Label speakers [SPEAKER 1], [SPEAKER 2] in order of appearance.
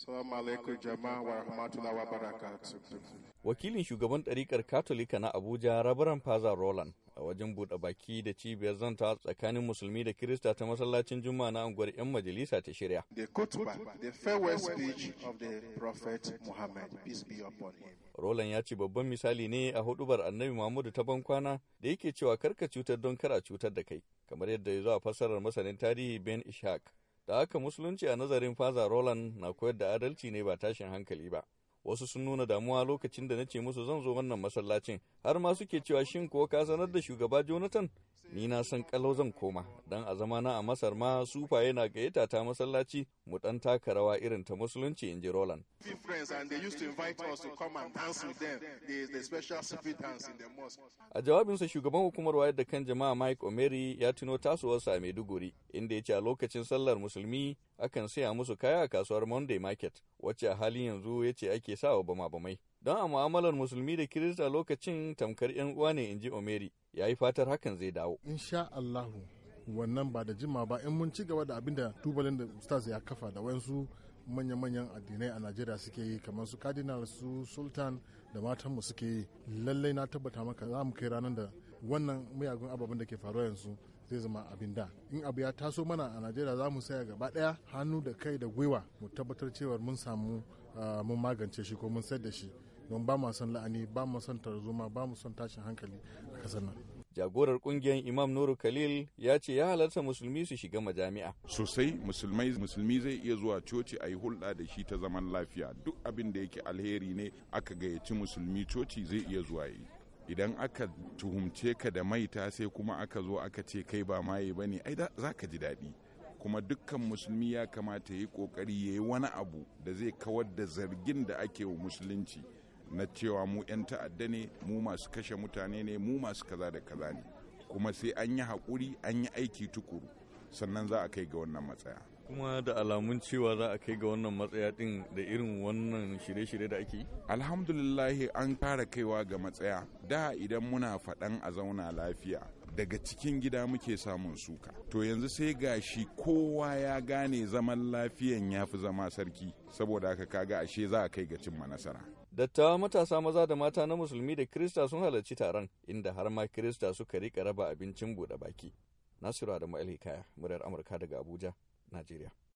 [SPEAKER 1] Salamu
[SPEAKER 2] Wakilin shugaban ɗarikar Katolika na Abuja, Rabaran Faza Roland, a wajen buɗe baki da cibiyar zanta tsakanin musulmi da Kirista ta masallacin Juma'a na unguwar 'yan majalisa ta shirya. The
[SPEAKER 1] the farewell of the Prophet Muhammad, peace
[SPEAKER 2] Roland ya ce babban misali ne a hudubar Annabi mahmudu ta bankwana da yake cewa karka cutar don kara cutar da kai, kamar yadda ya zo a fassarar masanin tarihi Ben Ishaq. da haka musulunci a nazarin faza roland na koyar da adalci ne ba tashin hankali ba wasu sun nuna damuwa lokacin da na ce musu zan zo wannan masallacin har ma suke cewa shin ko ka sanar da shugaba jonathan ni na san kalau zan koma dan a zama na a masar ma sufa yana gayyata ta masallaci mu dan taka rawa irin ta musulunci in ji roland a jawabinsa shugaban hukumar wayar da kan jama'a mike omeri ya tuno tasowarsa a maiduguri inda ya ce a lokacin sallar musulmi akan saya musu kaya a kasuwar Monday Market, wacce a halin yanzu ya ce ake sawa bama-bamai. Don a mu'amalar musulmi da Kirista lokacin tamkar 'yan uwa ne in ji Omeri, ya yi fatar hakan zai dawo.
[SPEAKER 1] Insha Allahu, wannan ba da jima ba in mun ci gaba da abin da tubalin da Ustaz ya kafa da wayansu manya-manyan addinai a Najeriya suke yi kamar su Cardinal su Sultan da matanmu suke yi. Lallai na tabbata maka za mu kai ranar da wannan miyagun ababen da ke faruwa yanzu zai zama abin da in abu ya taso mana a najeriya za mu saya gaba daya hannu da kai da gwiwa mu tabbatar cewa mun samu ah, mun magance shi ko mun sayar da shi don ba mu son la'ani ba mu son tarzoma ba mu son tashin hankali a kasar nan
[SPEAKER 2] jagorar kungiyar imam nuru khalil
[SPEAKER 3] ya ce ya halarta
[SPEAKER 2] musulmi su shiga
[SPEAKER 3] majami'a sosai musulmai musulmi zai iya zuwa coci a yi hulɗa da shi ta zaman lafiya duk abin da yake alheri ne aka gayyaci musulmi coci zai iya zuwa yi idan aka tuhumce ka da maita sai kuma aka zo aka ce kai ba maye ba ne ai za ka ji daɗi kuma dukkan musulmi ya kamata ya yi ƙoƙari ya yi wani abu da zai kawar da zargin da ake wa musulunci na cewa mu 'yan ta'adda ne mu masu kashe mutane ne mu masu kaza da kaza ne kuma sai an yi haƙuri an yi aiki tukuru sannan za a kai ga wannan matsaya kuma da alamun cewa za a kai ga wannan matsaya din da irin wannan shirye-shirye da ake alhamdulillahi an fara kaiwa ga matsaya da idan muna faɗan a zauna lafiya daga cikin gida muke samun suka to yanzu sai gashi kowa ya gane zaman lafiyan ya fi zama sarki saboda haka kaga ashe za a kai ga cimma nasara
[SPEAKER 2] dattawa matasa maza da mata na musulmi da krista sun halarci taron inda har ma krista suka rika raba abincin buɗe baki nasiru adamu alhikaya muryar amurka daga abuja najeriya